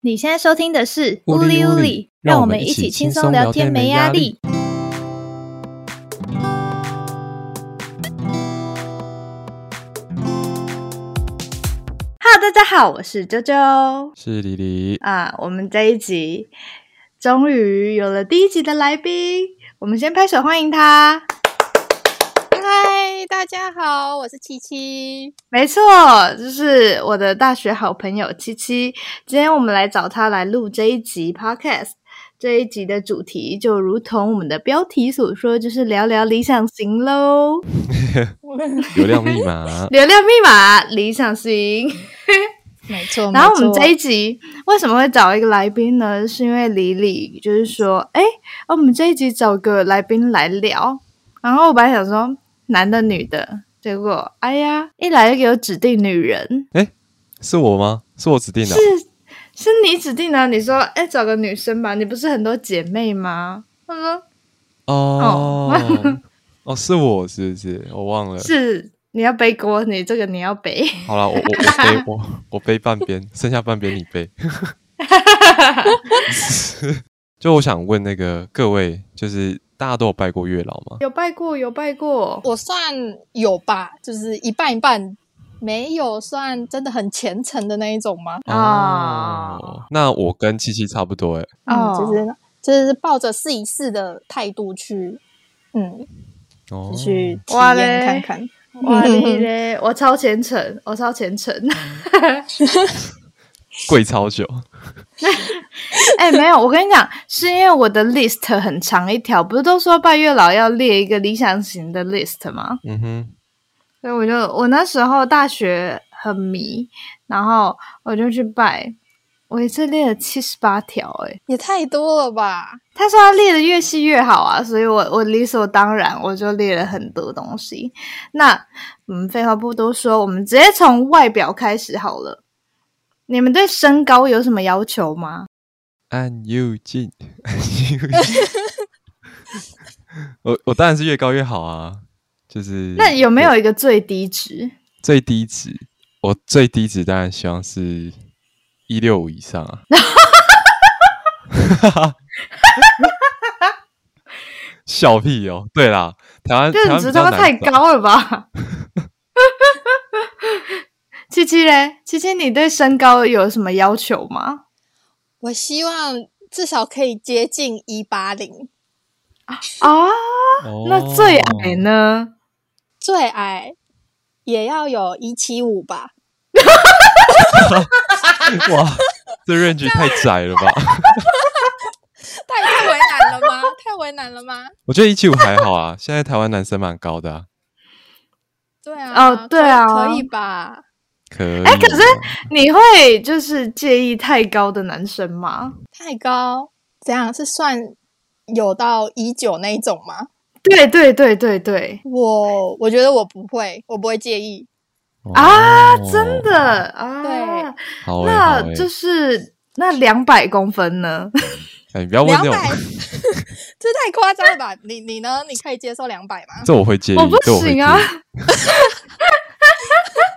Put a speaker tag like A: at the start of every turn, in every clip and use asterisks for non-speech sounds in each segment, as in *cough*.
A: 你現在收聽的是嗚哩嗚哩讓我們一起輕鬆聊天沒壓力，聊天沒壓力。 *music* Hello，大家好，我是啾啾，是李李啊。我們這一集終於有了第一集的來賓，我們先拍手歡迎他。大家好，我是七七，沒錯，就是我的大學好朋友七七。今天我們來找她來錄這一集 podcast，這一集的主題就如同我們的標題所說，就是聊聊理想型嘍。 *laughs* 流量密碼， *laughs* 流量密碼，理想型， *laughs* 沒錯。然後我們這一集為什麼會找一個來賓呢？是因為李李，就是說，哎、欸，我們這一集找個來賓來聊。然後我本來想說。男的、女的，結果，哎呀，一來就給我指定女人，
B: 哎、欸，是我嗎？是我指定的、啊？
A: 是，是你指定的、啊？你說，哎、欸，找個女生吧，你不是很多姐妹嗎？她
B: 說，哦，哦，哦 *laughs* 哦，是我，是不是？我忘了，是
A: 你要背鍋，你這個你要背。
B: 好了，我我背， *laughs* 我我背半邊，剩下半邊你背。 *laughs* *laughs* *laughs* *laughs* 就我想問那個各位，就是。大家都有拜過月老嗎？
A: 有拜過，有拜過，我算有吧，就是一半一半，沒有算真的很虔誠的那一種嗎？啊、
B: 哦哦，那我跟七七差不多哎、嗯，
A: 就是就是抱着試一試的態度去，嗯，繼、
B: 哦、續
C: 體驗看看，哇嘞哇你嘞，
A: 我超虔誠，我超虔誠。嗯 *laughs*
B: 貴超久 *laughs* ，
A: 哎、欸，沒有，我跟你講，是因為我的 list 很長一條，不是都說拜月老要列一個理想型的 list 嗎？嗯哼，所以我就我那時候大學很迷，然後我就去拜，我一次列了七十八條，誒，也太多了吧？他說他列的越細越好啊，所以我我理所當然我就列了很多東西。那我們廢話不多說，我們直接從外表開始好了。你們對身高有什麼要求嗎？
B: 按又近，我我當然是越高越好啊，就是那
A: 有沒有一個最低值？
B: 最低值，我最低值當然希望是一六五以上啊。笑， *laughs* *laughs* *laughs* 笑屁哦！對啦，台灣他高太高
A: 了吧？ *laughs* 七七嘞，七七，你對身高有什麼要求嗎？我希望至少可以接近一八零啊、
B: 哦、那最
A: 矮呢？哦、最矮也要有一七五吧？
B: *laughs* *laughs* 哇， *laughs* *laughs* 這 range 太窄了吧？ *laughs* *laughs* 太太為難了嗎？
A: 太為難了嗎？
B: 我覺得一七五還好啊， *laughs* 現在台灣男生蠻高的、啊。
A: 對啊，哦，對啊，可以,可以吧？
B: 哎、啊欸，可是
A: 你會就是介意太高的男生嗎？太高怎樣？是算有到一九那一種嗎？對對對對對，對，我我覺得我不會，我不會介意
B: 啊、哦！真的
A: 啊？那那就
B: 是好欸好
A: 欸，那兩百公分呢？
B: 哎、欸，不要問這種，
A: 這 *laughs* 太誇張了吧？ *laughs* 你你呢？你可以接受兩百嗎？
B: 這我會介意，我不行啊！
A: *laughs* *laughs*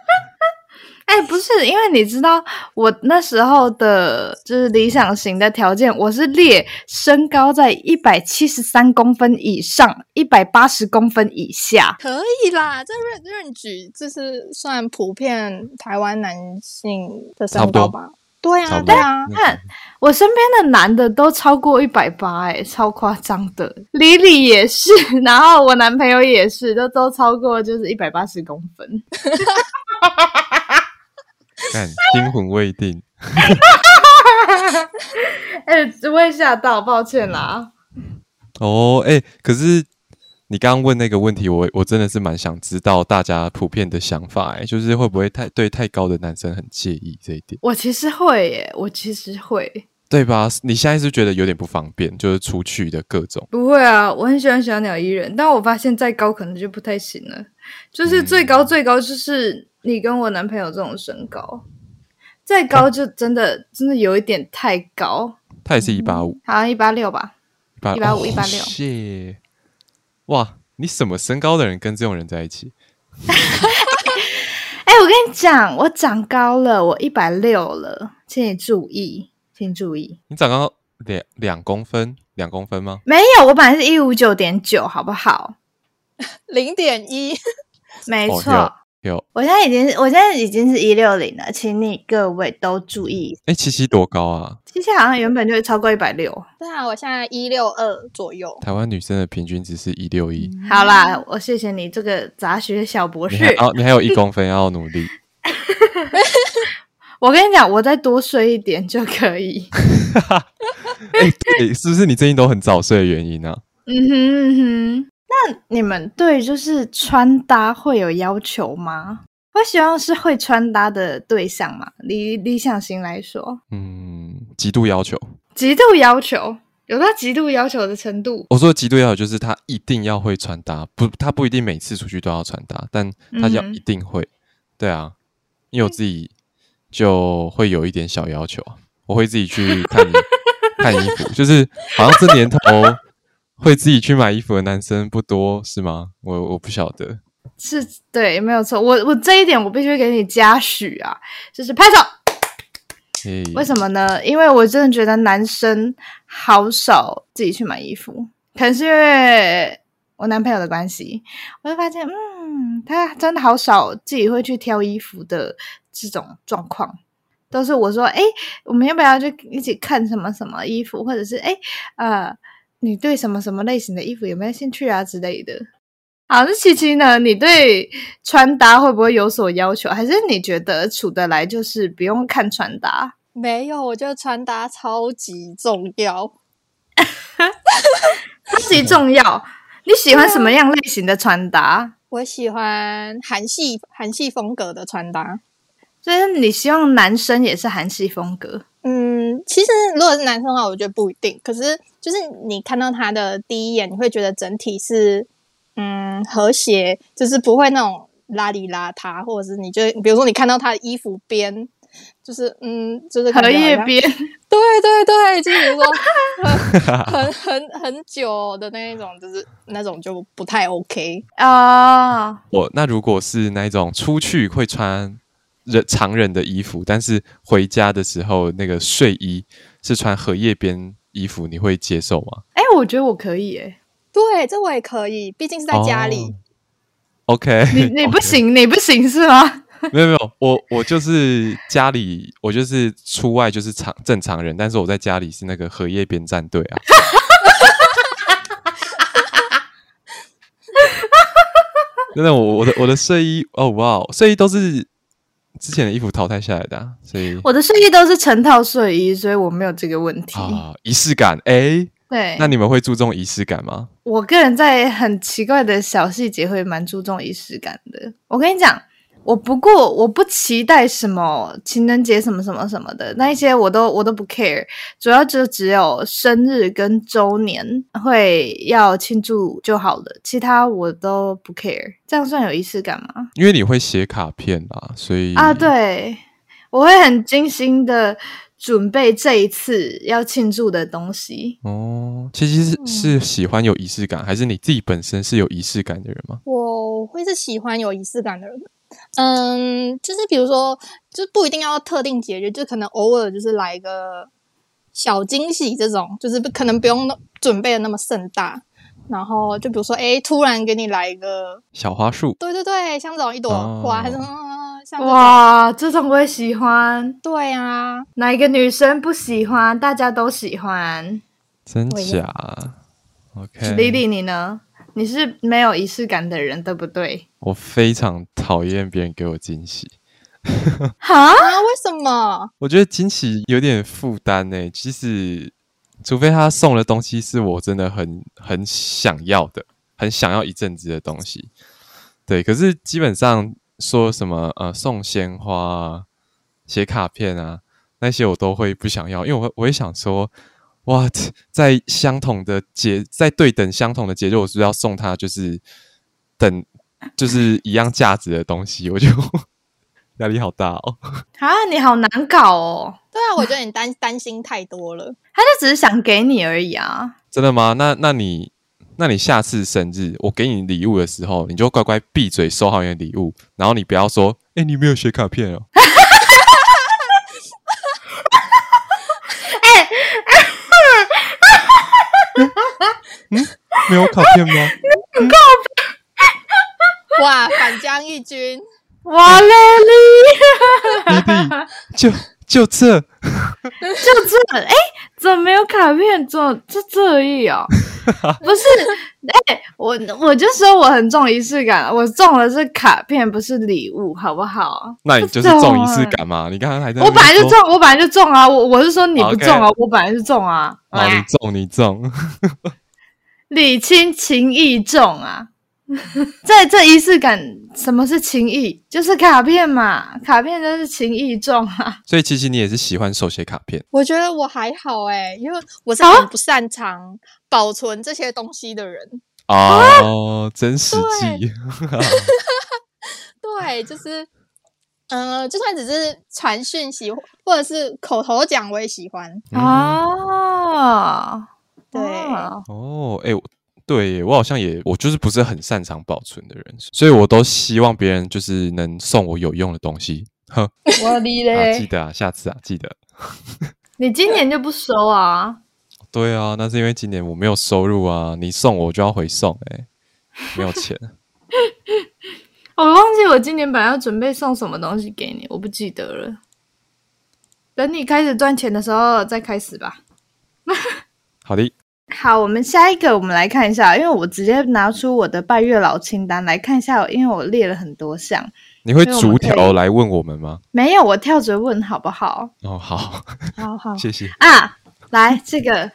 A: 哎、欸，不是，因為你知道我那時候的，就是理想型的條件，我是列身高在一百七十三公分以上，一百八十公分以下，可以啦。這 range 就是算普遍台灣男性的身高吧？
C: 對啊，對啊。對啊，
A: 看我身邊的男的都超過一百八，哎，超誇張的。李李也是，然後我男朋友也是，都都超過，就是一百八十公分。 *laughs* *laughs*
B: 驚 *laughs* 魂未定，
A: 哎、 *laughs* *laughs* 欸，我也嚇到，抱歉啦。
B: 哦，哎、欸，可是你剛剛問那個問題，我我真的是蠻想知道大家普遍的想法、欸，哎,就是會不會太對太高的男生很介意這一點？
A: 我其實會耶、欸,我其實會，
B: 對吧？你現在是覺得有點不方便，就是出去的各種？
A: 不會啊，我很喜歡小鳥依人，但我發現再高可能就不太行了，就是最高最高就是。嗯你跟我男朋友這種身高，再高就真的真的有一點太高。
B: 他也是一八五，好
A: 像一八六吧。一八五、一八六。
B: 謝謝。哇，你什麼身高的人跟這種人在一起？
A: 哎、 *laughs* *laughs* 欸，我跟你講，我長高了，我一百六了，請你注意，請注意。
B: 你長高兩兩公分，兩公分嗎？沒
A: 有，我本來是一五九點九，好不好？零點一，沒錯。有，我現在已經我現在已經是一六零了，請你各位都注意。
B: 哎、欸，七七多高啊？
A: 七七好像原本就會超過一百六。對啊，我現在一六二左右。
B: 台灣女生的平均值是一六一。
A: 好啦，我謝謝你這個雜學小博士。哦、啊，你還有一公分
B: 要努力。
A: *laughs* *laughs* 我跟你講，我再多睡一點就可以。哎、 *laughs* 欸，
B: 對，是不是你最近都很早睡的原因呢、啊？嗯
A: 哼，嗯哼。那你們對就是穿搭會有要求嗎？會希望是會穿搭的對象嗎？理理想型來說，嗯，
B: 極度要求，
A: 極度要求，有到極度要求的程度。
B: 我說的極度要求就是他一定要會穿搭，不，他不一定每次出去都要穿搭，但他要一定會。嗯、對啊，因為我自己就會有一點小要求，我會自己去看 *laughs* 看衣服，就是好像這年頭。 *laughs* 會自己去買衣服的男生不多，是嗎？我我不曉得，
A: 是對，沒有錯。我我這一點我必須給你嘉許啊，就是拍手。Hey. 為什麼呢？因為我真的覺得男生好少自己去買衣服，可是因為我男朋友的關係，我就發現，嗯，他真的好少自己會去挑衣服的這種狀況，都是我說，哎，我們要不要去一起看什麼什麼衣服，或者是哎，呃。你對什麼什麼類型的衣服有沒有興趣啊之類的？好、啊，那七七呢？你對穿搭會不會有所要求？還是你覺得處得來就是不用看穿搭？沒有，我覺得穿搭超級重要， *laughs* 超級重要。你喜歡什麼樣類型的穿搭？啊、我喜歡韓系韓系風格的穿搭。所以你希望男生也是韓系風格？嗯，其實如果是男生的話，我覺得不一定。可是就是你看到他的第一眼，你會覺得整體是嗯和諧，就是不會那種邋裡邋遢，或者是你就比如說你看到他的衣服邊，就是嗯，就是荷葉邊，對對對，就比如說，很很很久的那一種，就是那種就不太 OK 啊。
B: 我、oh. oh, 那如果是那一種出去會穿。人常人的衣服，但是回家的時候那個睡衣是穿荷葉邊衣服，你會接受嗎？
A: 哎、欸，我覺得我可以，哎、欸，對，這我也可以，畢竟是在家裡。Oh, OK，你你不
B: 行，okay. 你
A: 不行、okay. 你不行是嗎？
B: 沒有沒有，我我就是家裡，我就是出外就是常正常人，但是我在家裡是那個荷葉邊戰隊啊。 *laughs* *laughs* 真的，我我的我的睡衣哦哇、oh, wow，睡衣都是。之前的衣服淘汰下來的，啊，所以我
A: 的睡衣都是成套睡衣，所以我沒有這個問題。
B: 哦、儀式感，哎，對，那你們會注重儀式感嗎？
A: 我個人在很奇怪的小細節會蠻注重儀式感的。我跟你講。我不過我不期待什麼情人節什麼什麼什麼的那一些我都我都不 care，主要就只有生日跟周年會要慶祝就好了，其他我都不 care，這樣算有儀式感嗎？因
B: 為你會寫卡片啊，所以啊對，
A: 對我會很精心的準備這一次要慶祝的東西
B: 哦。其實是是喜歡有儀式感，嗯，還是你自己本身是有儀式感的人嗎？
A: 我會是喜歡有儀式感的人。嗯，就是比如說，就不一定要特定節日，就可能偶爾就是來一個小驚喜，這種就是不可能不用那準備的那麼盛大。然後就比如說，誒、欸，突然給你來一個
B: 小花束，
A: 對對對，像這種一朵花，哦、像哇，這種我也喜歡。對啊，哪一個女生不喜歡？大家都喜歡，真假？OK，麗麗，莉莉你呢？你是沒有儀式感的人，對不對？
B: 我非常討厭別人給我驚喜。
A: 哈， *laughs* 為什麼？
B: 我覺得驚喜有點負擔呢。其實，除非他送的東西是我真的很很想要的，很想要一陣子的東西。對，可是基本上說什麼呃，送鮮花啊、寫卡片啊那些，我都會不想要，因為我我也想說。哇！在相同的節，在對等相同的節日，我是不是要送他就是等，就是一樣價值的東西，我就壓力好大
A: 哦。啊，你好難搞哦。對啊，我覺得你擔擔心太多了。啊，他就只是想給你而已啊。
B: 真的嗎？那那你那你下次生日我給你禮物的時候，你就乖乖閉嘴收好你的禮物，然後你不要說，哎、欸，你沒有寫卡片哦。 *laughs* 嗯，沒有卡片嗎？
A: *laughs* 哇，反將一軍！
B: 哇嘞嘞、嗯！就就這，
A: 就這！哎、 *laughs* 欸，怎麼沒有卡片？做這這意哦？ *laughs* 不是，哎、欸，我我就說我很重儀式感，我中的是卡片，不是禮物，好不好？
B: 那你就是重儀式感嘛？ *laughs* 你剛剛還在說……我本來就中，
A: 我本來就中啊！我我是說你不中啊，okay. 我本來是中啊！
B: 啊，你中，你中。 *laughs*
A: 禮輕情意重啊！ *laughs* 在這這儀式感，什麼是情意？就是卡片嘛，卡片真是情意重啊。
B: 所以其實你也是喜歡手寫卡片。
A: 我覺得我還好誒、欸、因為我是很不擅長保存這些東西的人。
B: 啊、哦、啊，真實際。
A: 對, *laughs* *laughs* 對，就是，嗯、呃，就算只是傳訊息或者是口頭講，我也喜歡哦。嗯啊
B: 對哦，哎、欸，對，我好像也我就是不是很擅長保存的人，所以我都希望別人就是能送我有用的東西。哼，我
A: 滴嘞，記
B: 得啊，下次啊，記得、啊。
A: 你今年就不收啊？
B: *laughs* 對啊，那是因為今年我沒有收入啊。你送我就要回送、欸，哎，沒有錢。
A: *laughs* 我忘記我今年本來要準備送什麼東西給你，我不記得了。等你開始賺錢的時候再開始吧。
B: *laughs* 好的。
A: 好，我們下一個，我們來看一下，因為我直接拿出我的拜月老清單來看一下，因為我列了很多項。你會逐條、啊、
B: 來問我們嗎？
A: 沒有，我跳着問，好不好？哦，好，好好，謝謝啊。來，這個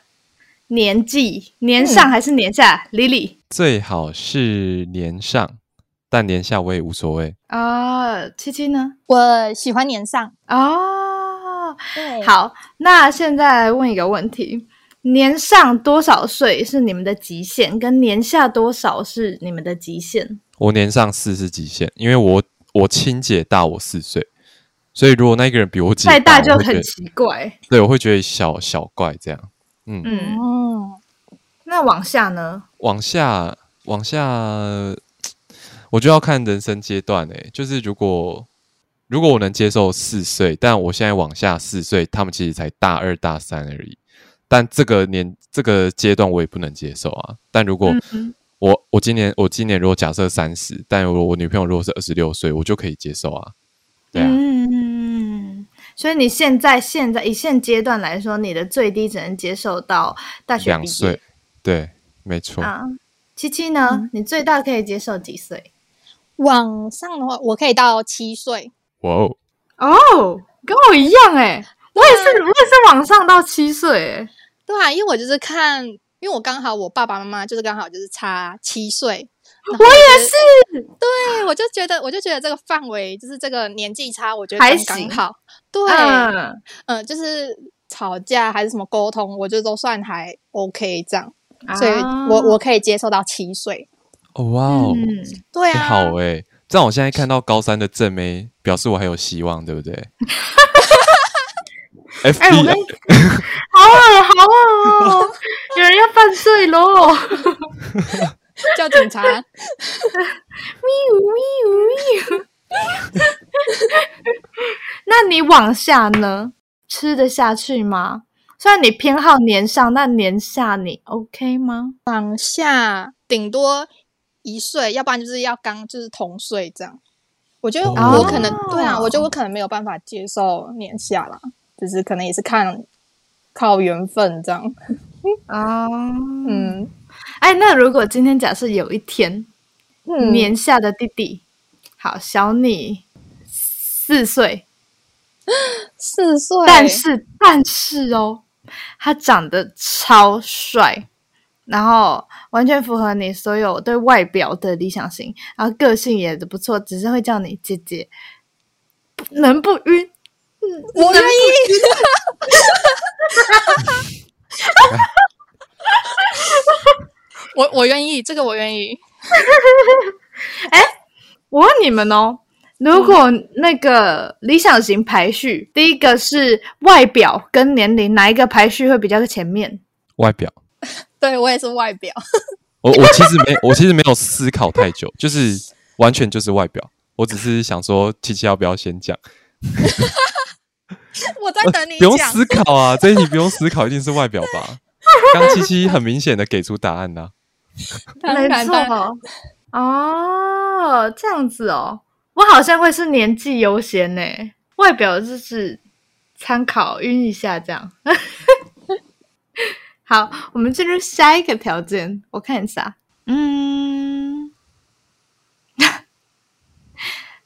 A: 年紀，年上還是年下、嗯、？Lily
B: 最好是年上，但年下我也無所謂
A: 啊、呃。七七呢？我喜歡年上哦。對，好，那現在來問一個問題。年上多少歲是你們的極限，跟年下多少是你們的極限？
B: 我年上四是極限，因為我我親姐大我四歲，所以如果那個人比我姐大我，再大就很奇怪。對，我會覺得小小怪這樣。
A: 嗯，嗯。那往下呢？
B: 往下，往下，我就要看人生階段誒、欸。就是如果如果我能接受四歲，但我現在往下四歲，他們其實才大二大三而已。但這個年這個階段我也不能接受啊。但如果我、嗯、我今年我今年如果假設三十，但我我女朋友如果是二十六歲，我就可以接受啊。對
A: 啊。嗯所以你現在現在以現階段來說，你的最低只能接受到大學畢業。兩歲。
B: 對，沒錯。啊。
A: 七七呢、嗯？你最大可以接受幾歲？往上的話，我可以到七歲。哇哦。哦、oh,，跟我一樣哎、欸。我也是，我也是往上到七歲，對啊，因為我就是看，因為我剛好我爸爸媽媽就是剛好就是差七歲，我也是，對我就覺得，我就覺得這個範圍就是這個年紀差，我覺得剛剛還行。好，對，嗯、啊呃，就是吵架還是什麼溝通，我覺得都算還 OK 這樣，所以我、啊、我，我可以接受到七歲，
C: 哇、oh, wow.，嗯，
B: 對啊，哎、欸欸，這樣我現在看到高三的正妹，表示我還有希望，對不對？ *laughs* 哎、
C: 欸，我跟你 *laughs* 好冷，好冷哦！ *laughs* 有人要犯罪嘍， *laughs* *laughs* 叫警察！
A: 喵嗚喵嗚喵嗚！ *laughs* 那你往下呢？吃得下去嗎？雖然你偏好年上，那年下你 OK 嗎？往下頂多一歲，要不然就是要剛就是同歲這樣。我覺得我可能、oh. 對啊，我覺得我可能沒有辦法接受年下了。就是可能也是看靠緣分這樣啊、um, *laughs* 嗯，哎，那如果今天假設有一天、嗯、年下的弟弟，好，小你四歲，四歲，但是但是哦，他長得超帥，然後完全符合你所有對外表的理想型，然後個性也不錯，只是會叫你姐姐，不能不暈？我願意， *laughs* *laughs* 我我願意，這個我願意。哎、 *laughs* 欸，我問你們哦，如果那個理想型排序，嗯、第一個是外表跟年齡，哪一個排序會比較前面？外表，對我也是外表。 *laughs* 我我其實沒，
B: 我其實沒有思考太久， *laughs* 就是完全就是外表。我只是想說，七七要不要先講？ *laughs*
C: 我在等你一，不用思考
B: 啊，所以你不用思考，一定是外表吧？剛剛， *laughs* 七七很明顯的給出答案吶、
A: 啊， *laughs* 沒錯哦。哦，這樣子哦，我好像會是年紀優先呢，外表就是參考暈一下這樣。 *laughs* 好，我們進入下一個條件，我看一下，嗯。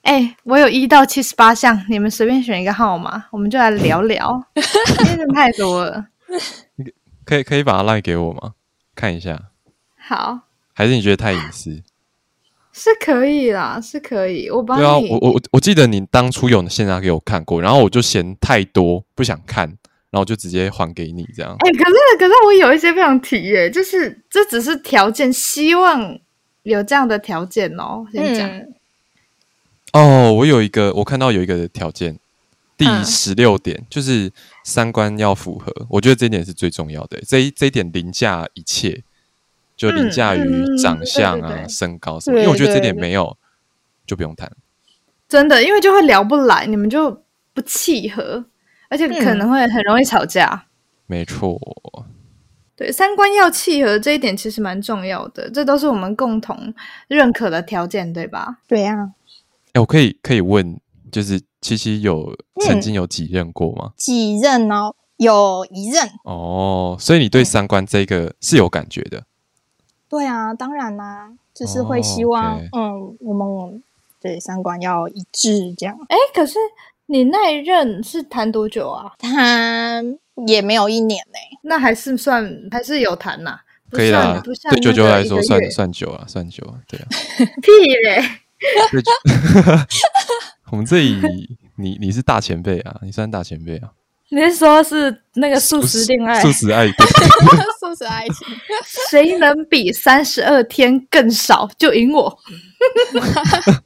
A: 哎、欸，我有一到七十八項，你們隨便選一個號碼，我們就來聊聊。真 *laughs* 的太多了，你
B: 可以可以把它 line 給我嗎？看一下。
A: 好。
B: 還是你覺得太隱私？
A: 是可以啦，是可以。我幫你。啊、我我
B: 我記得你當初有現在給我看過，然後我就嫌太多不想看，然後就直接還給你這樣。
A: 哎、欸，可是可是我有一些不想提，哎、欸，就是這只是條件，希望有這樣的條件哦、喔。先講。嗯
B: 哦，我有一個，我看到有一個條件，第十六點、嗯、就是三觀要符合。我覺得這一點是最重要的，這一這一點凌駕一切，就凌駕於長相啊、嗯嗯、對對對、身高什麼。因為我覺得這點沒有、對對對對，就不用談。
A: 真的，因為就會聊不來，你們就不契合，而且可能會很容易吵架。嗯、
B: 沒錯。
A: 對，三觀要契合，這一點其實蠻重要的，這都是我們共同認可的條件，對吧？對呀、啊。
B: 哎，我可以可以問，就是77有，嗯、曾經有幾任過嗎？
A: 幾任哦，有一任
B: 哦，所以你對三觀這一個是有感覺的。
A: 對，對啊，當然啦，就是會希望，哦 okay、嗯，我們對三觀要一致這樣。欸，可是你那一任是談多久啊？談也沒有一年嘞。那還是算還是有談吶、啊，
B: 可以啦。對九九來說算，算算久啊，算久啊，對啊。
A: *laughs* 屁嘞！
B: *laughs* *laughs* *laughs* 我們這裡，你你是大前輩啊，你算大前輩啊？
A: 你是說，是那個素食戀愛素？素食愛情？ *laughs* 素食愛情？誰能比三十二天更少就贏我？ *laughs* *laughs*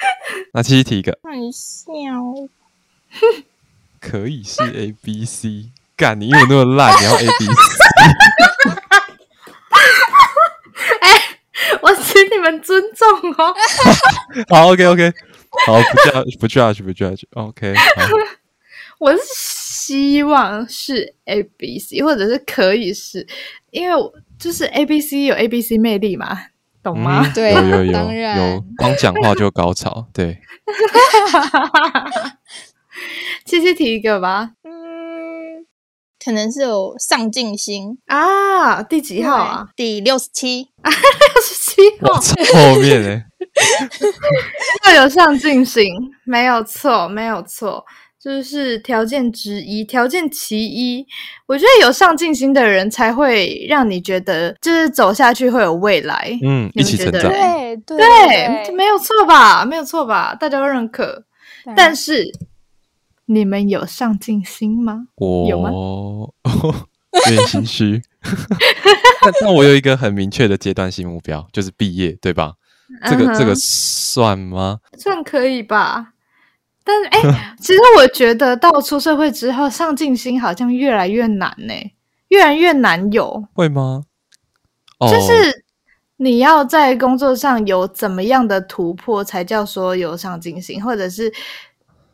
A: *laughs* *laughs*
B: 那七七提一個。可以是 A B C， *laughs* 幹你！因為我那麼爛，你要 A B C。 *laughs* 哎 *laughs* 、
A: 欸。我請你們尊重哦。
B: *laughs* 好，OK，OK，okay, okay. 好，不 judge，不 judge，不 judge，OK、okay，
A: 好。我是希望是 A B C，或者是可以是，因為就是 A B C 有 A B C 魅力嘛，懂嗎？嗯，對，有有有，有光講話
B: 就高潮，對。
A: 77提一個吧。可能是有上進心啊，第幾號啊？第六十七啊，六十七號，後面字。要 *laughs* 有上進心，沒有錯，沒有錯，就是條件之一，條件其一。我覺得有上進心的人才會讓你覺得，就是走下去會有未來。嗯，你們覺得一起成長，對、對、對、對、對，沒有錯吧？沒有錯吧？大家都認可，但是。你們有上進心嗎？我、oh.
B: 有嗎？哦、有點心虛。 *laughs* *laughs* *laughs* *laughs* 那我有一個很明確的階段性目標，就是畢業，對吧？Uh-huh. 這個這個算嗎？
A: 算可以吧。但是哎，欸、 *laughs* 其實我覺得到出社會之後， *laughs* 上進心好像越來越難呢，越來越難有。
B: 會嗎？Oh. 就是
A: 你要在工作上有怎麼樣的突破，才叫說有上進心，或者是？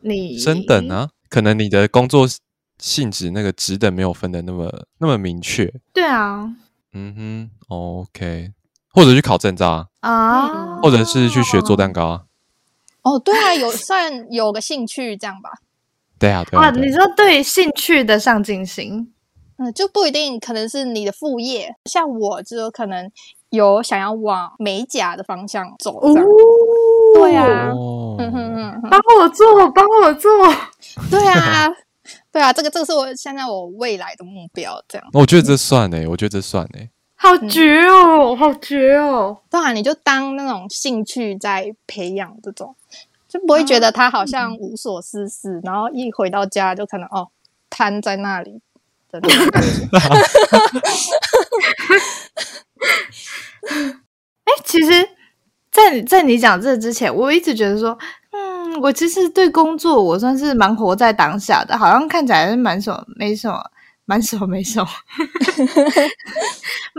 A: 你，升等啊，
B: 可能你的工作性質那個職等沒有分的那麼那麼明確。對啊，嗯哼，OK，或者去考證照
A: 啊，或
B: 者是去學做蛋糕啊。
A: 哦，對啊，有 *laughs* 算有個興趣這樣吧。
B: 對啊，對啊，對啊，對啊，啊，
A: 你說對興趣的上進心，嗯，就不一定，可能是你的副業。像我就可能有想要往美甲的方向走對啊，幫、哦、 *laughs* 我做，幫我做。對啊，對啊，這個這個是我現在我未來的目標，這樣。
B: 我覺得這算呢、欸？我覺得這算呢、欸？
A: 好絕哦、喔嗯，好絕哦、喔。當然、啊，你就當那種興趣在培養，這種就不會覺得他好像無所事事、啊，然後一回到家就可能哦癱在那裡。哎、 *laughs* *laughs* *laughs* 欸，其實。在在你講這個之前，我一直覺得說，嗯，我其實對工作我算是蠻活在當下的，好像看起來是蠻什麼，沒什麼，蠻什麼，沒什麼，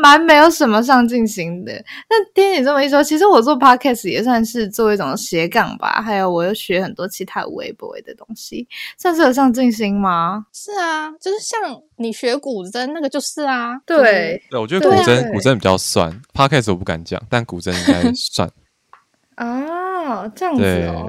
A: 蠻 *laughs* 沒有什麼上進心的。但聽你這麼一說，其實我做 Podcast 也算是做一種斜槓吧，還有我又學很多其他微博的東西，算是有上進心嗎？是啊，就是像你學古箏那個就是啊，對，對我覺得古箏、啊，古箏
B: 比較算 Podcast 我不敢講，但古箏應該算。 *laughs*
A: 啊、哦，這樣子哦。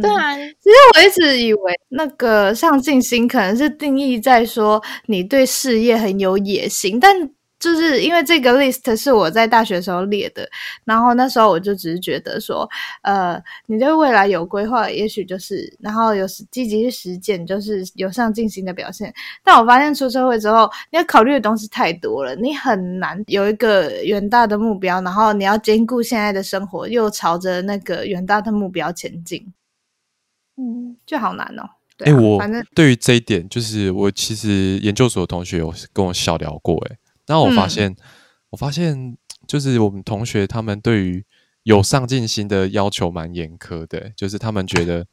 A: 對啊、嗯，其實我一直以為那個上進心，可能是定義在說你對事業很有野心，但，就是因為這個 list 是我在大學的時候列的，然後那時候我就只是覺得說，呃，你對未來有規劃，也許就是，然後有實積極去實踐，就是有上進心的表現。但我發現出社會之後，你要考慮的東西太多了，你很難有一個遠大的目標，然後你要兼顧現在的生活，又朝着那個遠大的目標前進，嗯，就好難哦。對、啊欸，我反正
B: 對於這一點，就是我其實研究所的同學有跟我小聊過、欸，誒那我發現、嗯，我發現就是我們同學他們對於有上進心的要求蠻嚴苛的，就是他們覺得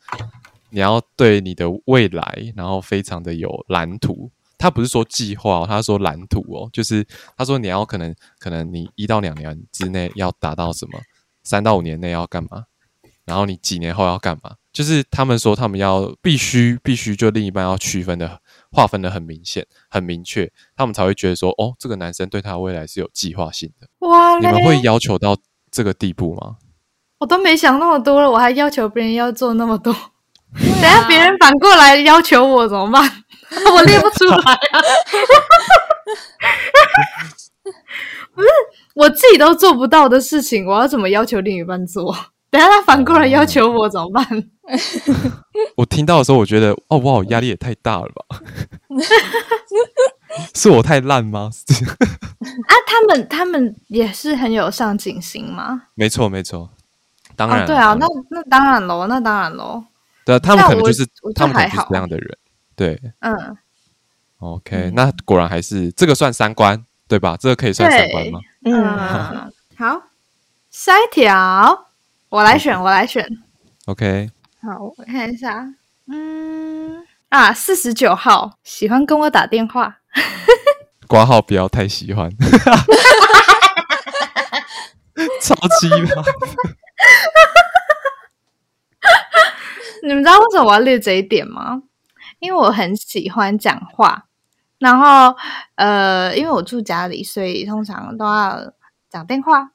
B: 你要對你的未來，然後非常的有藍圖。他不是說計劃哦，他說藍圖哦，就是他說你要可能可能你一到兩年之內要達到什麼，三到五年內要幹嘛，然後你幾年後要幹嘛，就是他們說他們要必須必須就另一半要區分的。劃分得很明顯，很明確，他們才會覺得說，哦，這個男生對他的未來是有計劃性的。
A: 哇，你們會
B: 要求到這個地步嗎？
A: 我都沒想那麼多了，我還要求別人要做那麼多，啊、等一下別人反過來要求我怎麼辦？ *laughs* 我列不出來啊， *laughs* *laughs* 不是我自己都做不到的事情，我要怎麼要求另一半做？等下，他反過來要求我怎麼辦？嗯、
B: 我聽到的時候，我覺得，哦哇，壓力也太大了吧？ *laughs* 是我太爛嗎？
A: *laughs* 啊，他們他們也是很有上進心嗎？
B: 沒錯沒錯，當然、哦、對啊，
A: 那那當然嘍，那當然嘍。對，啊，他們可能就是就他們都是這樣
B: 的人。對，嗯。OK，那果然還是這個算三觀，對吧？這個可以算三觀嗎？嗯， *laughs* 嗯，
A: 好，下一條。我來選，okay。我來選。OK，好，
B: 我看
A: 一下。嗯啊，四十九號喜歡跟我打電話，
B: 括 *laughs* 號不要太喜歡， *laughs*
A: *laughs* *laughs* *laughs* 超級大。 *laughs* *laughs* 你們知道為什麼我要列這一點嗎？因為我很喜歡講話，然後呃，因為我住家裡，所以通常都要講電話。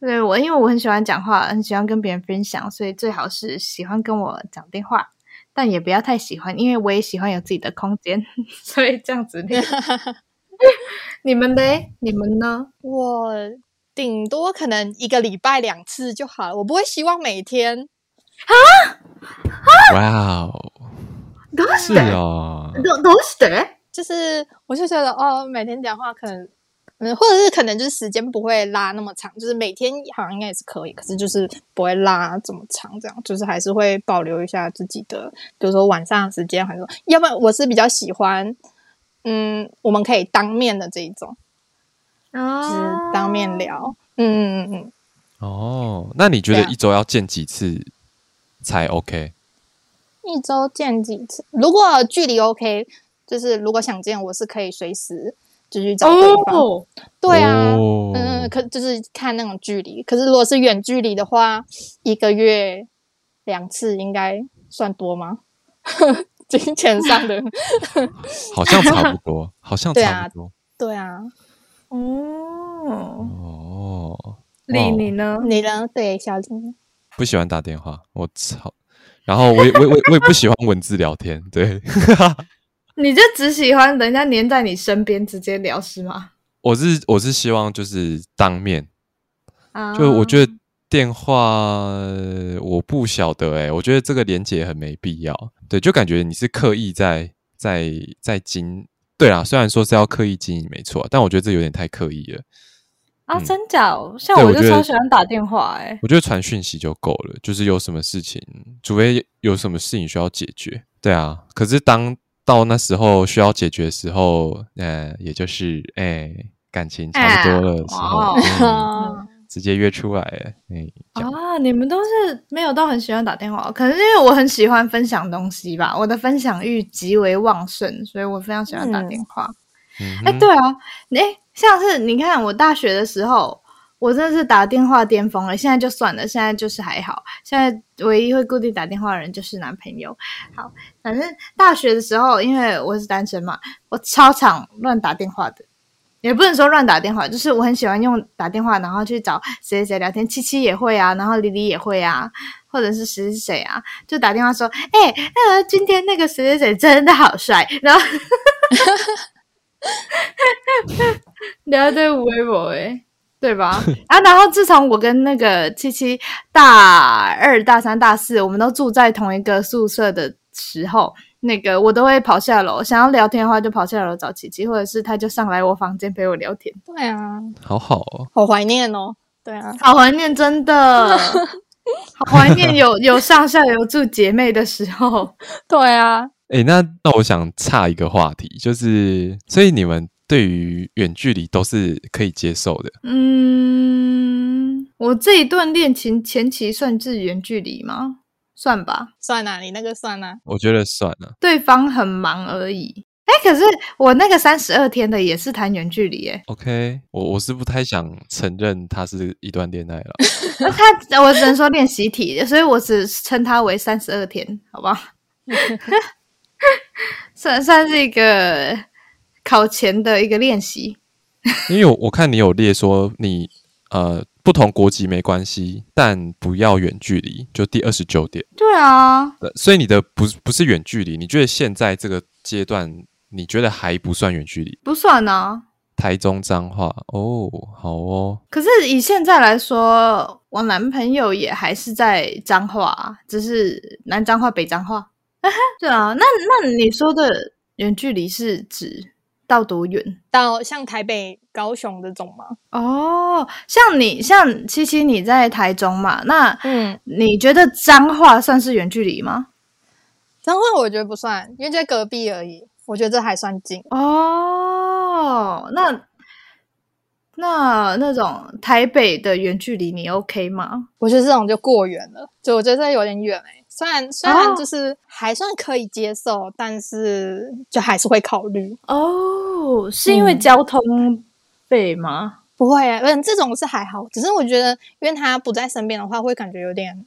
A: 對我，因為我很喜歡講話，很喜歡跟別人分享，所以最好是喜歡跟我講電話，但也不要太喜歡，因為我也喜歡有自己的空間，所以這樣子。 *laughs* 你們呢？ *laughs* 你們呢？我頂多可能一個禮拜兩次就好了，我不會希望每天啊
B: 啊！哇哦，都是哦，都
A: 都是的，就是我就覺得哦，每天講話可能。嗯，或者是可能就是時間不會拉那麼長，就是每天好像應該也是可以，可是就是不會拉這麼長，這樣就是還是會保留一下自己的，比如說晚上的時間，還是說，要不然我是比較喜歡，嗯，我們可以當面的這一種，啊、oh，當面聊，嗯
B: 嗯嗯嗯，哦、嗯，oh, 那你覺得一周要見幾次才 OK？啊、一
A: 周見幾次？如果距離 OK，就是如果想見，我是可以隨時。哦，去找對方、哦、對啊、哦，嗯，可就是看那種距離。可是如果是遠距離的話，一個月兩次應該算多嗎？ *laughs* 金錢上的
B: 好像差不多， *laughs* 好像差不多，對啊，哦、啊嗯、哦，你
A: 呢？你呢？對，小麗
B: 不喜歡打電話，我操！然後我也我也，我也不喜歡文字聊天，對。 *laughs*
A: 你就只喜歡人家黏在你身邊直接聊是嗎？
B: 我是我是希望就是當面啊，就我覺得電話我不曉得誒、欸、我覺得這個連接很沒必要，對，就感覺你是刻意在在在經對啊，雖然說是要刻意經營沒錯，但我覺得這有點太刻意了
A: 啊。真假？像我就超喜歡打電話誒。我
B: 覺得傳訊息就夠了，就是有什麼事情，除非有什麼事情需要解決，對啊，可是當。到那時候需要解決的時候，呃、也就是、欸、感情差不多了時候，欸哦嗯、 *laughs* 直接約出來，哎、
A: 欸。啊，你們都是沒有都很喜歡打電話，可能因為我很喜歡分享東西吧，我的分享欲極為旺盛，所以我非常喜歡打電話。哎、嗯、
C: 欸、對
A: 啊、欸，像是你看我大學的時候。我真的是打電話巔峰了，現在就算了，現在就是還好。現在唯一會固定打電話的人就是男朋友。好，反正大學的時候，因為我是單身嘛，我超常亂打電話的，也不能說亂打電話，就是我很喜歡用打電話，然後去找誰誰聊天。七七也會啊，然後李李也會啊，或者是誰誰誰啊，就打電話說，哎、欸，呃，今天那個誰誰誰真的好帥，然後哈哈哈哈哈， *laughs* *laughs* *laughs* 聊得微博誒。對吧？ *laughs* 啊，然後自從我跟那個七七大二、大三、大四，我們都住在同一個宿舍的時候，那個我都會跑下樓，想要聊天的話就跑下樓找七七，或者是她就上來我房間陪我聊天。對
B: 啊，好好、
A: 哦，好懷念哦。對啊，好懷念，真的， *laughs* 好懷念有有上下樓住姐妹的時候。 *laughs* 對啊，
B: 哎、欸，那那我想岔一個話題，就是所以你們。對於遠距離都是可以接受的。嗯，
A: 我這一段戀情前期算是遠距離嗎？算吧，算啊，你那個算啊？
B: 我覺得算啊。
A: 對方很忙而已。哎、欸，可是我那個三十二天的也是談遠距離耶、欸。
B: OK，我我是不太想承認它是一段戀愛了。 *laughs* 那
A: 他，我只能說練習題，所以我只稱它為三十二天，好不好？ *laughs* *laughs* 算算是一個考前的一個練習，
B: *laughs* 因為我,我看你有列說你呃不同國籍沒關係，但不要遠距離，就第二十九點。對啊對，所以你的不不是遠距離？你覺得現在這個階段，你覺得還不算遠距離？不算啊，台中彰化哦，好哦。
A: 可是以現在來說，我男朋友也還是在彰化，只是南彰化、北彰化。對啊，那那你說的遠距離是指？到多遠？到像台北、高雄這種嗎？哦，像你，像七七，你在台中嘛？那嗯，你覺得彰化算是遠距離嗎？彰化我覺得不算，因為就在隔壁而已。我覺得這還算近。哦，那那那種台北的遠距離，你 OK 嗎？我覺得這種就過遠了，就我覺得這有點遠，欸。雖然雖然就是還算可以接受，哦、但是就還是會考慮哦，是因為交通費嗎、嗯？不會啊，嗯，這種是還好，只是我覺得，因為他不在身邊的話，會感覺有點，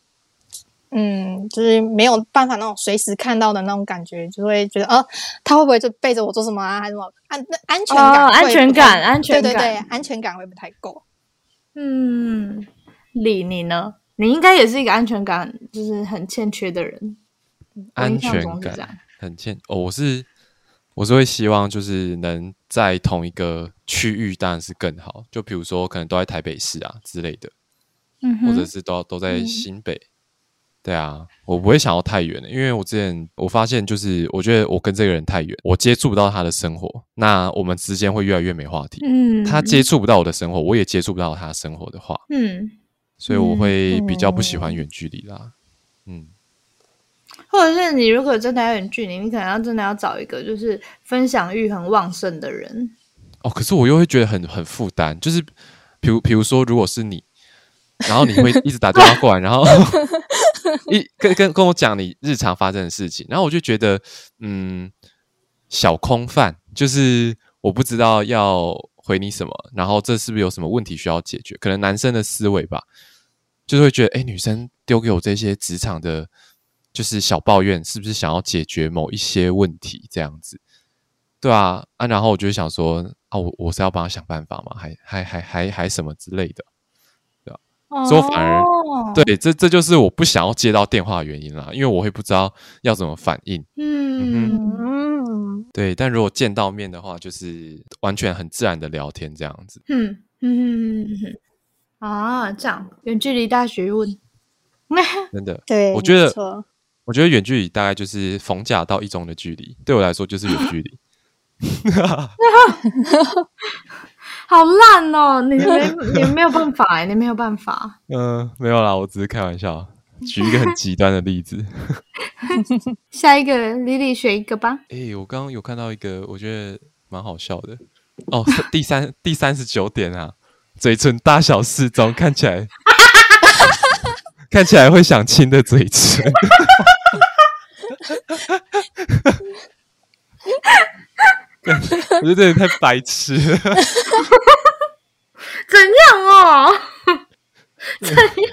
A: 嗯，就是沒有辦法那種隨時看到的那種感覺，就會覺得，哦、啊、他會不會就背着我做什麼啊，還是什麼安？那、啊、安全感、哦、安全感、安全感，對對對，對，安全感會不太夠。嗯，你你呢？你應該也是一個安全感就是很欠缺的人，安全感
B: 很欠哦？我是我是會希望就是能在同一個區域，當然是更好，就比如說可能都在台北市啊之類的，嗯，或者是都都在新北，嗯。對啊，我不會想要太遠的，因為我之前我發現就是我覺得我跟這個人太遠，我接觸不到他的生活，那我們之間會越來越沒話題。嗯，他接觸不到我的生活，我也接觸不到他生活的話，嗯。所以我會比較不喜歡遠距離啦嗯，
A: 嗯，或者是你如果真的要遠距離，你可能要真的要找一個就是分享欲很旺盛的人。
B: 哦，可是我又會覺得很很負擔，就是，比如，比如說，如果是你，然後你會一直打電話過來， *laughs* 然後 *laughs* 一跟跟跟我講你日常發生的事情，然後我就覺得，嗯，小空泛，就是我不知道要回你什麼，然後這是不是有什麼問題需要解決？可能男生的思維吧。就是會覺得，哎、欸，女生丟給我這些職場的，就是小抱怨，是不是想要解決某一些問題？這樣子，對吧、啊？啊，然後我就會想說，啊，我我是要幫她想辦法嘛，還還還還還什麼之類的，對吧、啊？所以反而，oh.，對，這這就是我不想要接到電話的原因啦，因為我會不知道要怎麼反應。Hmm. 嗯，對。但如果見到面的話，就是完全很自然的聊天這樣子。嗯
A: 嗯嗯嗯。啊，這樣遠距離大學問， *laughs*
B: 真的？對，我覺得，我覺得遠距離大概就是逢甲到一中的距離，對我來說就是遠距離。 *laughs*
A: *laughs* *laughs* *laughs* *laughs* 好爛哦、喔！你沒，你沒有辦法哎，你沒有辦法。 *laughs* 嗯，
B: 沒有啦，我只是開玩笑。舉一個很極端的例子。
A: *laughs* *laughs* 下一個 Lily 選一個吧。
B: 哎、欸，我剛剛有看到一個，我覺得蠻好笑的 *laughs* 哦。第三第三十九點啊。嘴唇大小適中，看起來 *laughs* 看起來會想親的嘴唇，我覺得這你太白痴了。
C: 怎樣哦？怎 *laughs* 樣、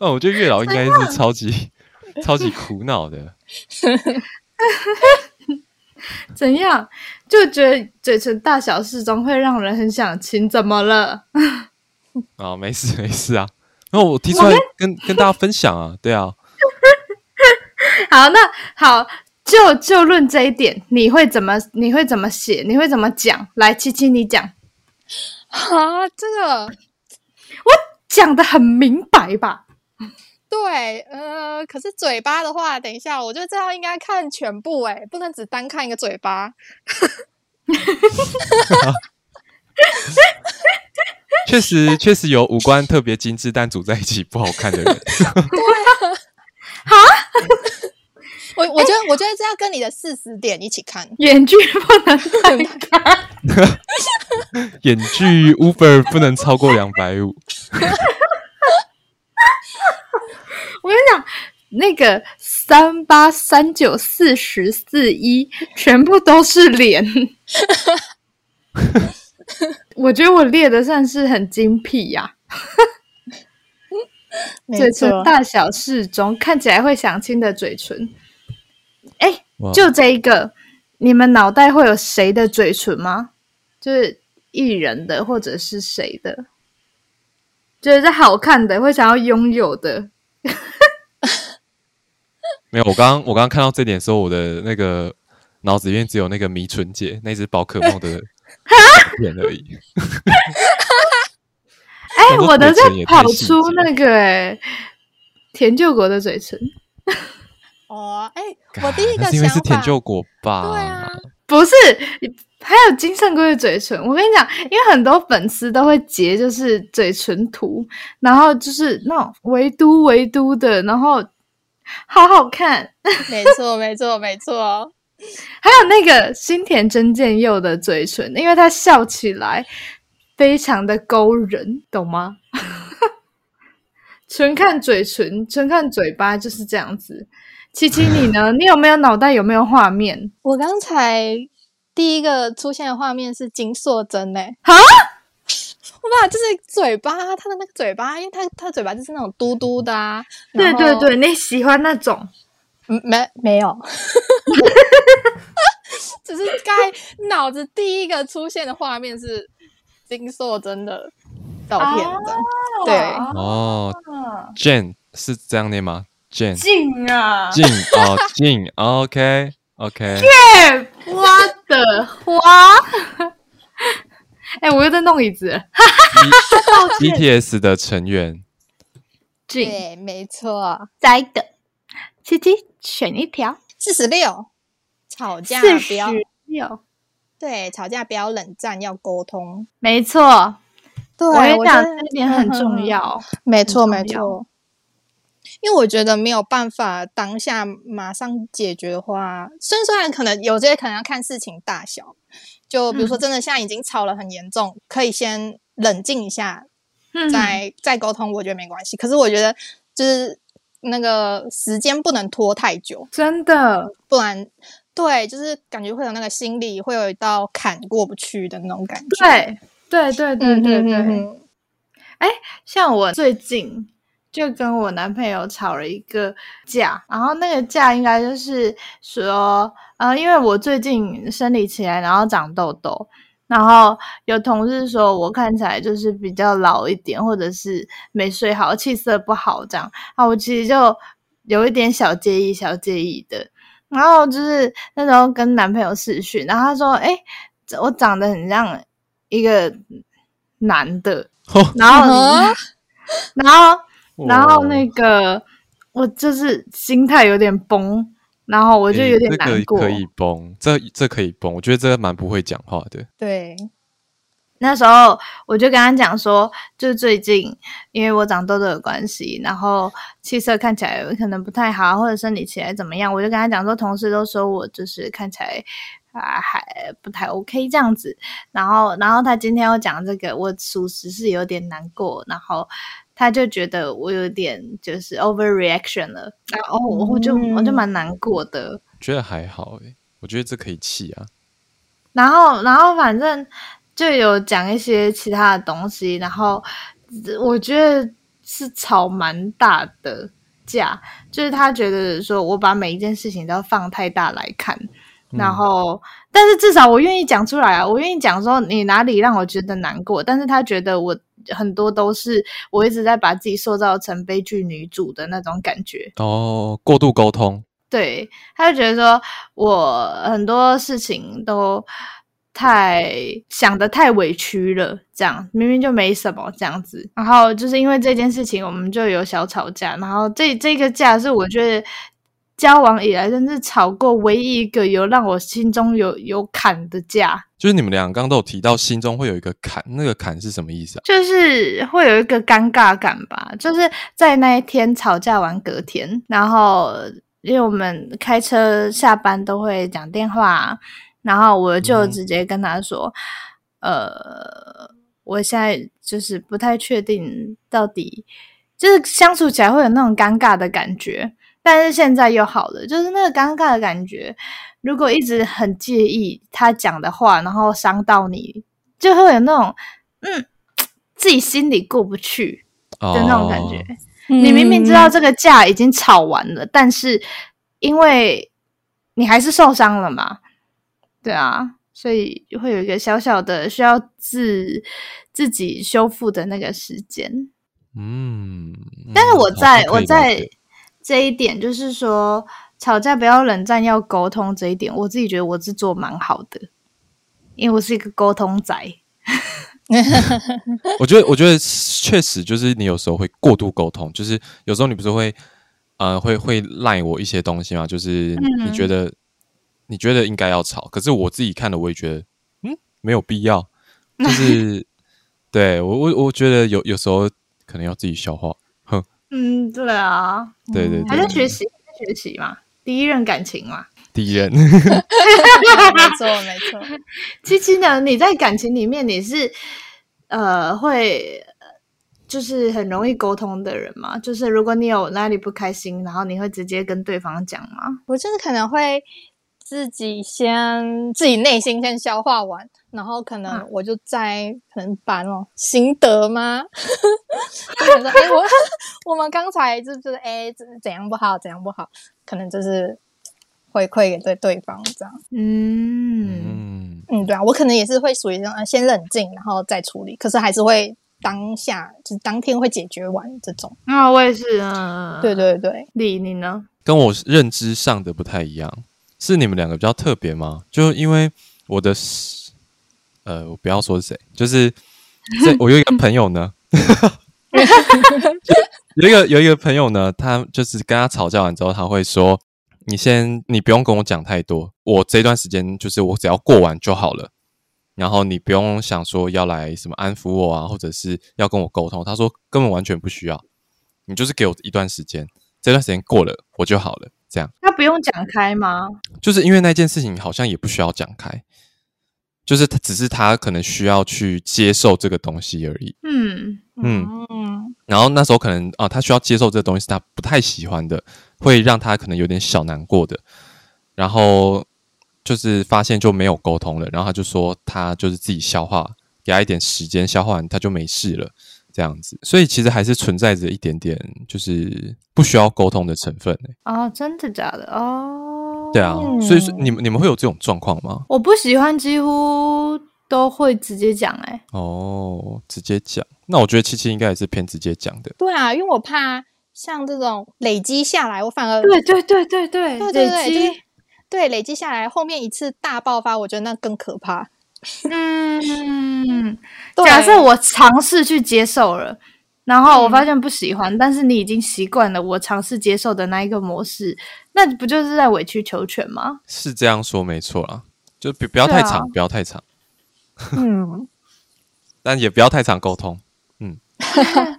C: 嗯？ *laughs* 嗯
A: *laughs*
B: 嗯、 *laughs* 哦，我覺得月老應該是超級超級苦惱的。 *laughs* *laughs* 嗯 *laughs*
A: 怎樣就覺得嘴唇大小適中會讓人很想親？請怎麼了？
B: 啊、哦，沒事沒事啊，那我提出來跟跟大家分享啊，對啊。
A: *laughs* 好，那好，就就論這一點，你會怎麼？你會怎麼寫？你會怎麼講？來，七七你講。啊，這個我講得很明白吧？對，呃，可是嘴巴的話，等一下，我覺得這要應該看全部，欸，哎，不能只單看一個嘴巴。
B: 確 *laughs* *laughs* 實，確實有五官特別精緻但組在一起不好看的人。
A: *laughs* 對啊， *laughs* 我覺得我覺得這要跟你的四十點一起看，眼距不能太
B: 看 *laughs* *laughs* 眼距 Uber 不能超過兩百五。 *laughs*
A: 我跟你講，那個三八三九四十四一全部都是臉， *laughs* 我覺得我列的算是很精闢呀、啊。
B: 嘴 *laughs* 唇大
A: 小適中，看起來會想親的嘴唇。誒，就這一個，wow. 你們腦袋會有誰的嘴唇嗎？就是藝人的，或者是誰的？覺、就、得、是、好看的，會想要擁有的。
B: *laughs* 沒有，我剛我剛看到這點時候，我的那個腦子裡面只有那個迷唇姐那隻寶可夢的臉而已。
A: 哎、 *laughs* *laughs* 欸，我的在跑出那個、欸、田救國的嘴唇。哦， *laughs* 哎、欸，我第一個、啊、是因為
B: 是田救國吧？對
A: 啊，不是。還有金聖圭的嘴唇，我跟你講，因為很多粉絲都會截，就是嘴唇圖，然後就是那種唯嘟圍嘟的，然後好好看。沒錯， *laughs* 沒錯，沒錯。還有那個新田真劍佑的嘴唇，因為他笑起來非常的勾人，懂嗎？純 *laughs* 看嘴唇，純 *laughs* 看嘴巴就是這樣子。七七，你呢？你有沒有腦袋？有沒有畫面？我剛才。第一個出現的畫面是金碩珍呢、欸？哈？哇， *laughs* 就是嘴巴，他的那個嘴巴，因為他他的嘴巴就是那種嘟嘟的、啊。對對對，你喜歡那種？嗯、沒沒有， *laughs* *laughs* *laughs* 只是剛才腦子第一個出現的畫面是金碩珍的照片、啊。對哦、
B: oh, Jen 是這樣念嗎 Jen e
A: 靜啊，靜
B: 哦，靜、oh、，OK OK。
A: 哇。的花，哎、 *laughs* 欸，我又在弄椅子。哈
B: *laughs* e，哈哈 GTS 的成員，
A: *laughs* 對，沒錯。再一個，七七選一條四十六，吵架不要、四十六，對，吵架不要冷戰，要溝通，沒錯。對，我覺得這點很重要。 *laughs* 沒錯，沒錯。因為我覺得沒有辦法當下馬上解決的話，雖然雖然可能有些可能要看事情大小，就比如說真的現在已經吵了很嚴重，嗯、可以先冷靜一下，嗯、再再溝通，我覺得沒關係。可是我覺得就是那個時間不能拖太久，真的，不然對，就是感覺會有那個心裡會有一道坎過不去的那種感覺。對對對對對對。哎、嗯嗯嗯嗯，像我最近。就跟我男朋友吵了一個架，然後那個架應該就是說，嗯、呃、因為我最近生理期來，然後長痘痘，然後有同事說我看起來就是比較老一點，或者是沒睡好，氣色不好這樣，啊，我其實就有一點小介意，小介意的。然後就是那時候跟男朋友視訊，然後他說，哎，我長得很像一個男的，oh. 然後，uh -huh. 然後。然後那個、哦，我就是心態有點崩，然後我就有點難過。可以，可以
B: 崩，這這可以崩。我覺得這個蠻不會講話的。
A: 對，那時候我就跟他講說，就是最近因為我長痘痘的關係，然後氣色看起來可能不太好，或者身體起來怎麼樣，我就跟他講說，同事都說我就是看起來啊還不太 OK 這樣子。然後，然後他今天又講這個，我屬實是有點難過。然後。他就覺得我有點就是 overreaction 了，然後我就我就蠻難過的。
B: 覺得還好哎，我覺得這可以氣啊。
A: 然後，然後反正就有講一些其他的東西，然後我覺得是吵蠻大的架。就是他覺得說我把每一件事情都要放太大來看，然後但是至少我願意講出來啊，我願意講說你哪裡讓我覺得難過，但是他覺得我。很多都是我一直在把自己塑造成悲劇女主的那種感覺
B: 哦，過度溝通，
A: 對，他就覺得說我很多事情都太想得太委屈了，這樣明明就沒什麼這樣子，然後就是因為這件事情我們就有小吵架，然後這這個架是我覺得、嗯。交往以來，真是吵過唯一一個有讓我心中有有坎的架。
B: 就是你們兩個剛都有提到，心中會有一個坎，那個坎是什麼意思啊？就
A: 是會有一個尷尬感吧。就是在那一天吵架完隔天，然後因為我們開車下班都會講電話，然後我就直接跟他說：“嗯、呃，我現在就是不太確定到底，就是相處起來會有那種尷尬的感覺。”但是現在又好了，就是那個尷尬的感覺，如果一直很介意他講的話，然後傷到你，就會有那種嗯，自己心裡過不去
C: 的、oh. 那種感覺。Mm.
A: 你明明知道這個架已經吵完了，但是因為你還是受傷了嘛，對啊，所以會有一個小小的需要自自己修復的那個時間。嗯、mm.，但是我在我在。Okay, okay. 這一點就是說，吵架不要冷戰，要溝通。這一點我自己覺得我是做蠻好的，因為我是一個溝通宅。 *laughs*
B: 我覺得，我覺得確實就是你有時候會過度溝通，就是有時候你不是會啊、呃、會會賴我一些東西嗎？就是你覺得、嗯、你覺得應該要吵，可是我自己看了，我也覺得嗯沒有必要。就是對我我我覺得有有時候可能要自己消化。
A: 嗯，對啊，對、嗯、對，還在學習，在、嗯、學習嘛，第一任感情嘛，
B: 第一任， *laughs* *laughs* 哦、
A: 沒錯沒錯。七七呢？ *laughs* 你在感情裡面你是呃會就是很容易溝通的人嗎？就是如果你有哪裡不開心，然後你會直接跟對方講嗎？我真的可能會自己先自己內心先消化完。然後可能我就在可能搬哦，心得嗎？哎、啊 *laughs* 欸，我我們剛才就是哎、欸，怎樣不好，怎樣不好，可能就是回饋給對對方這樣。嗯嗯，對啊，我可能也是會屬於這種先冷靜，然後再處理，可是還是會當下就是當天會解決完這種。啊，我也是啊，對對對，你你呢？
B: 跟我認知上的不太一樣，是你們兩個比較特別嗎？就因為我的。呃，我不要說是誰，就是這我有一個朋友呢， *laughs* *laughs* 有一個有一個朋友呢，他就是跟他吵架完之後，他會說：“你先，你不用跟我講太多，我這段時間就是我只要過完就好了。”然後你不用想說要來什麼安撫我啊，或者是要跟我溝通。他說根本完全不需要，你就是給我一段時間，這段時間過了我就好了。這樣。
A: 他不用講開嗎？
B: 就是因為那件事情好像也不需要講開。就是他，只是他可能需要去接受這個東西而已。嗯嗯，然後那時候可能啊，他需要接受這個東西，他不太喜歡的，會讓他可能有點小難過的。然後就是發現就沒有溝通了，然後他就說他就是自己消化，給他一點時間消化完他就沒事了，這樣子。所以其實還是存在着一點點就是不需要溝通的成分、欸。
A: 哦，真的假的哦？
B: 對啊，所以說你們、嗯、你們會有這種狀況嗎？
A: 我不喜歡，幾乎都會直接講哎、欸。
B: 哦，直接講。那我覺得七七應該也是偏直接講的。
A: 對啊，因為我怕像這種累積下來，我反而對對對對對對對對，對，對，對累積、就是、下來，後面一次大爆發，我覺得那更可怕。 *laughs* 嗯，假設我嘗試去接受了。然後我發現不喜歡、嗯，但是你已經習慣了我嘗試接受的那一個模式，那不就是在委曲求全嗎？
B: 是這樣說沒錯啦，就不要太長，不要太長，啊、太
A: 長 *laughs*
B: 嗯，但也不要太常溝通，
A: 嗯。 *laughs*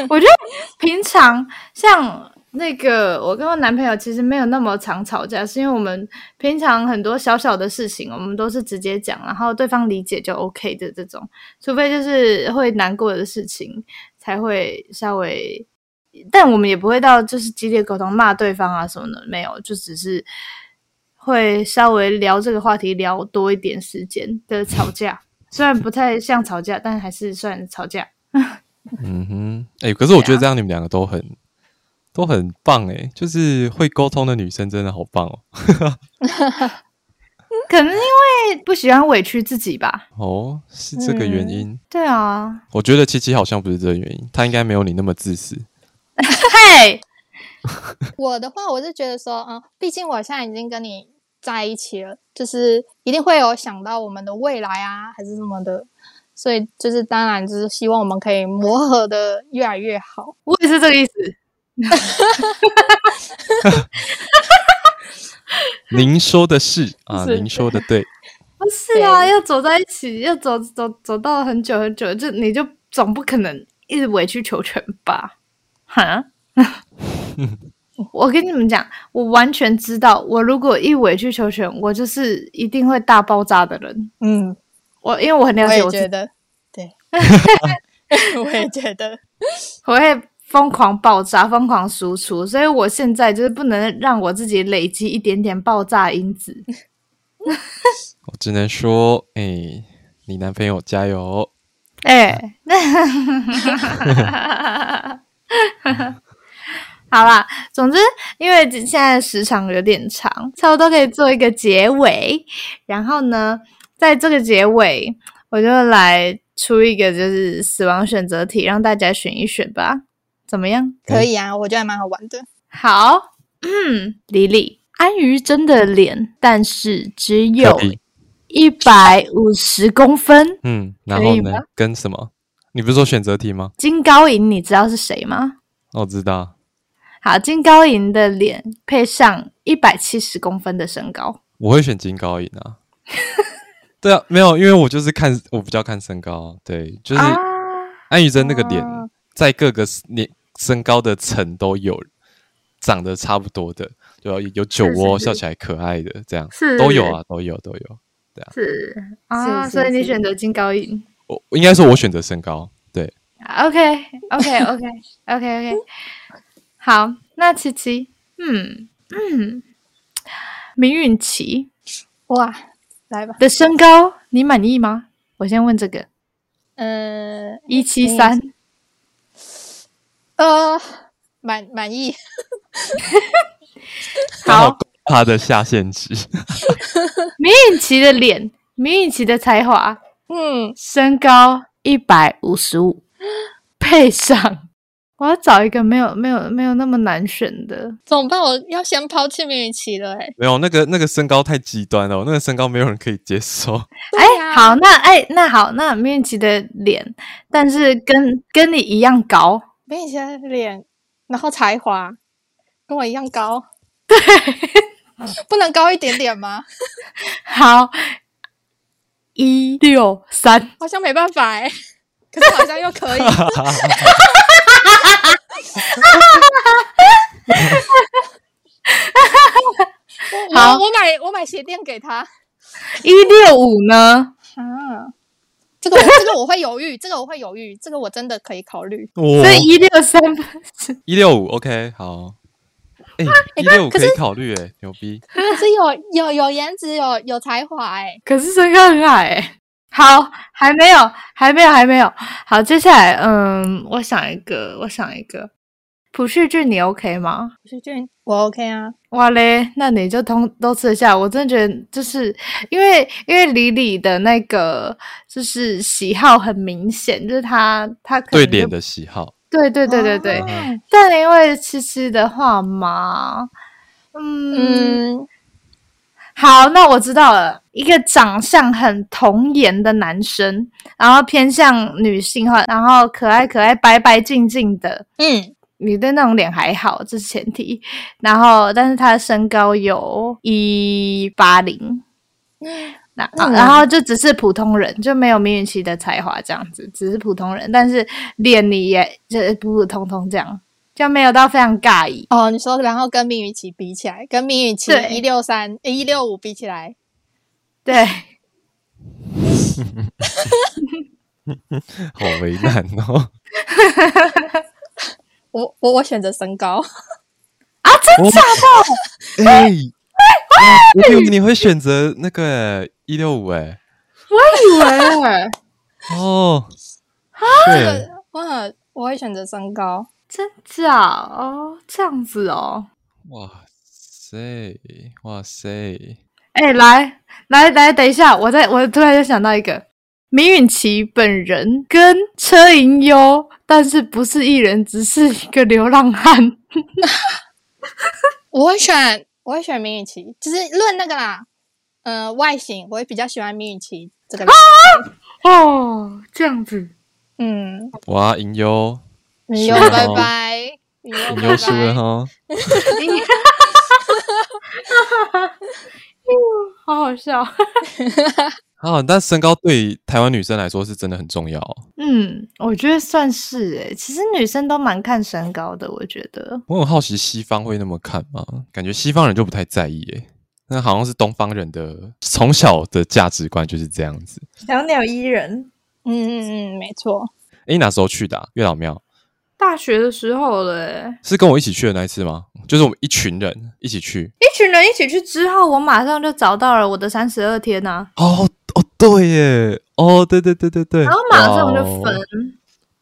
A: *laughs* 我覺得平常像那個，我跟我男朋友其實沒有那麼常吵架，是因為我們平常很多小小的事情，我們都是直接講，然後對方理解就 OK 的這種，除非就是會難過的事情。才會稍微，但我們也不會到就是激烈溝通罵對方啊什麼的，沒有，就只是會稍微聊這個話題聊多一點時間的吵架， *laughs* 雖然不太像吵架，但還是算吵架。 *laughs* 嗯
B: 哼，哎、欸，可是我覺得這樣你們兩個都很、啊、都很棒哎、欸，就是會溝通的女生真的好棒哦。 *laughs* *laughs*
A: 可能因為不喜歡委屈自己吧。
B: 哦，是這個原因。嗯、
A: 對啊，
B: 我覺得七七好像不是這個原因，他應該沒有你那麼自私。
A: 嘿 *laughs* Hey !， *laughs* 我的話，我是覺得說，嗯，畢竟我現在已經跟你在一起了，就是一定會有想到我們的未來啊，還是什麼的。所以就是當然就是希望我們可以磨合得越來越好。 *laughs* 我也是這個意思。 *laughs* *laughs* *laughs*
B: 您說的是 *laughs* 啊，是，您說的對，
A: 不是啊，要走在一起，要走走走到了很久很久，就你就總不可能一直委曲求全吧？哈， *laughs* *laughs* *laughs* 我跟你們講，我完全知道，我如果一委曲求全，我就是一定會大爆炸的人。嗯，我因為我很了解，我覺得，對，我也覺得，我， *laughs* *laughs* 我也。我會瘋狂爆炸，瘋狂輸出，所以我現在就是不能讓我自己累積一點點爆炸因子。
B: *laughs* 我只能說，哎、欸，你男朋友加油！
A: 哎、欸， *laughs* *laughs* *laughs* 好啦，總之，因為現在時長有點長，差不多可以做一個結尾。然後呢，在這個結尾，我就來出一個就是死亡選擇題，讓大家選一選吧。怎麼樣？可以啊，我覺得還蠻好玩的。好，嗯，李麗安於真的臉，但是只有一百五十公分。
B: 嗯，然後呢？跟什麼？你不是說選擇題嗎？
A: 金高銀，你知道是誰嗎？
B: 我、哦、知道。
A: 好，金高銀的臉配上一百七十公分的身高，
B: 我會選金高銀啊。 *laughs* 對啊，沒有，因為我就是看我比較看身高。對，就是安於、啊、真那個臉，在各個、啊身高的層都有，長得差不多的，對，有酒窩，笑起來可愛的，是是是這樣是是都有啊，都有都有，這樣是啊是是是是，所以
A: 你選擇金高銀，
B: 我應該是我選擇身高，啊、對
A: ，OK OK OK OK OK， *laughs* 好，那琪琪，嗯嗯，明允琪，哇，來吧，的身高你滿意嗎？我先問這個，呃，一七三。呃呃，滿滿意 *laughs*
B: 好，好，他 *laughs* 的下限值。
A: 明雨琪的臉，明雨琪的才華，嗯，身高一百五十五，配上我要找一個沒有沒有沒有那麼難選的，怎麼辦？我要先拋棄明雨琪了，欸，哎，
B: 沒有那個那個身高太極端了，我那個身高沒有人可以接受。
A: 哎，啊欸，好，那哎，欸，那好，那明雨琪的臉，但是跟跟你一樣高。比以前臉，然後才華跟我一樣高，對， *laughs* 不能高一點點嗎？好，一六三，好像沒辦法哎、欸，可是好像又可以。 *laughs* *laughs* 好，我，我買我買鞋墊給他，一六五呢？啊。這個這個我會猶豫， *laughs* 豫，這個我會猶豫，這個我真的可以考慮、哦。所以一六三，
B: 一六五，OK，好。哎、欸，一六五可以考慮、欸，哎、欸，牛逼！
A: 可是有有有顏值，有有才華，哎，可是身高很矮、欸。好，還沒有，還沒有，還沒有。好，接下來，嗯，我想一個，我想一個。朴敘俊，你 OK 嗎？朴敘俊，我 OK 啊。哇嘞，那你就通都吃得下。我真的覺得，就是因為因為李李的那個就是喜好很明顯，就是他他可對臉
B: 的喜好，
A: 對對對對對。但、啊、因為七七的話嘛、嗯，嗯，好，那我知道了，一個長相很童顏的男生，然後偏向女性化，然後可愛可愛，白白淨淨的，嗯。你對那種臉還好，這是前提。然後，但是他的身高有一八零，那然後就只是普通人，就沒有命運奇的才華這樣子，只是普通人。但是臉你也就普普通通這樣，就沒有到非常尬意。哦，你說，然後跟命運奇比起來，跟命運奇一六三、一六五比起來，對， *laughs* *laughs* 好
B: 為難哦。 *laughs*
A: 我我我選擇身高
B: *laughs* 啊，真假的？哎哎，你你會選擇那個一六五哎？
A: 我以為，你個、欸、我以為 *laughs* 哦，
B: 哈、 *laughs* 這個，
A: 我我我會選擇身高，真假哦，這樣子哦，
B: 哇塞，哇塞，哎、
A: 欸，來來來，等一下，我在我突然就想到一個，明允熙本人跟車銀優。但是不是藝人，只是一個流浪漢。 *laughs* 我會選，我會選明雨琪，就是論那個啦。呃，外形，我會比較喜歡明雨琪這個、啊。哦，這樣子。
B: 嗯，我贏喲。你贏，拜拜。
A: 你贏，輸了哈。哈哈哈哈哈哈！哈哈、 *laughs* *laughs* *laughs* 呃，好好笑。 *laughs*
B: 啊！但身高對台灣女生來說是真的很重要。
A: 嗯，我覺得算是誒、欸。其實女生都蠻看身高的，我覺得。
B: 我很好奇西方會那麼看嗎？感覺西方人就不太在意誒、欸。那好像是東方人的從小的價值觀就是這樣子。
A: 小鳥依人。嗯嗯嗯，沒錯。
B: 誒、欸、哪時候去的、啊？月老廟？
A: 大學的時候嘞、
B: 欸。是跟我一起去的那一次嗎？就是我們一群人一起去。
A: 一群人一起去之後，我馬上就找到了我的三十二天吶、
B: 啊。哦。對耶，哦，對對對對對，然後馬上我就分、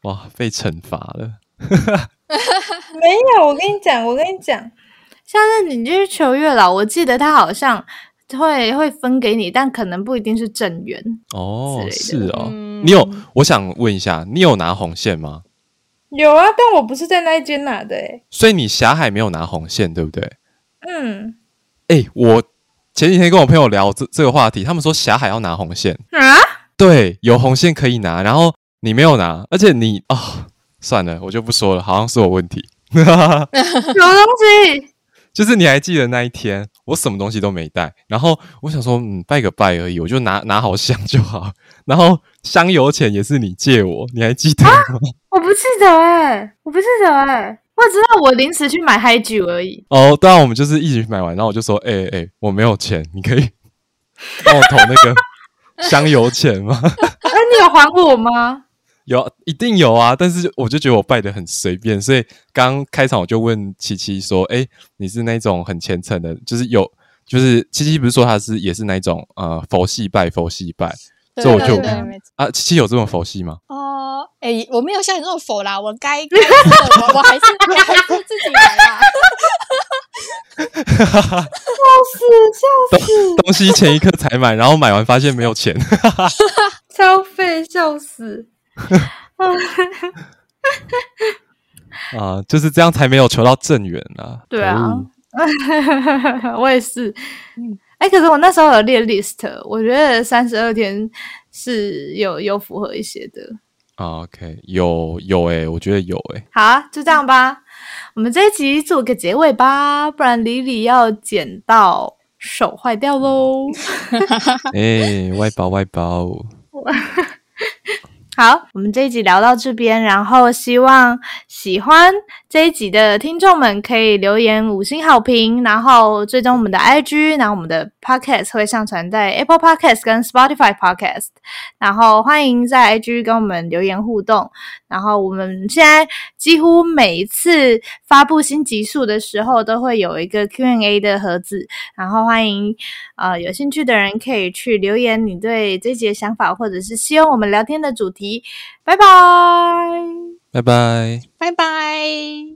B: 哦，哇，被懲罰
A: 了。 *laughs* *laughs* 沒有，我跟你講，我跟你講，下次你去求月老，我記得他好像會會分給你，但可能不一定是正緣
B: 哦。是，是哦、嗯，你有？我想問一下，你有拿紅線嗎？
A: 有啊，但我不是在那一間拿的，
B: 所以你霞海沒有拿紅線，對不對？嗯。哎，我。啊前幾天跟我朋友聊這這個話題，他們說霞海要拿紅線啊，對，有紅線可以拿，然後你沒有拿，而且你哦，算了，我就不說了，好像是我問題。
C: *laughs* 什麼東西？
B: 就是你還記得那一天，我什麼東西都沒帶，然後我想說，嗯，拜個拜而已，我就拿拿好香就好，然後香油錢也是你借我，你還記得嗎？
A: 我不記得哎，我不記得哎。我知道我臨時去買嗨酒
B: 而已。哦、oh,，當然我們就是一起去買完，然後我就說：“哎、欸、哎、欸，我沒有錢，你可以幫我投那個香油錢嗎？”
A: 哎、 *laughs* *laughs* 啊，你有還我嗎？
B: 有，一定有啊！但是我就覺得我拜得很隨便，所以剛開場我就問七七說：“哎、欸，你是那種很虔誠的，就是有，就是七七不是說他是也是那種呃佛系拜佛系拜。佛系拜”這我就對對對對啊，七七有這麼佛系嗎？
A: 哦、呃，哎、欸，我沒有像你這麼佛啦，我該 *laughs* 我，我還是我還是自己來啦，笑死笑死！ *laughs* 東西
B: 前一刻才買，然後買完發現沒有錢，
A: 哈哈哈消費笑死！啊 *laughs* *laughs* 、
B: 呃，就是這樣才沒有求到正緣啊！對啊，哦、
A: *laughs* 我也是。嗯哎、欸，可是我那時候有列 list，我覺得三十二天是有有符合一些的。Uh,
B: OK，有有哎、欸，我覺得有哎、欸。
A: 好、啊，就這樣吧，我們這一集做個結尾吧，不然李李要剪到手壞掉嘍。
B: 哎、 *laughs* 欸，外包外包。
A: *laughs* 好，我們這一集聊到這邊，然後希望喜歡這一集的聽眾們可以留言五星好評，然後追蹤我們的 IG，然後我們的 Podcast 會上傳在 Apple Podcast 跟 Spotify Podcast，然後歡迎在 IG 跟我們留言互動。然後我們現在幾乎每一次發布新集數的時候都會有一個 Q&A 的盒子，然後歡迎呃有興趣的人可以去留言你對這一集的想法或者是希望我們聊天的主題。拜拜。拜拜，拜拜。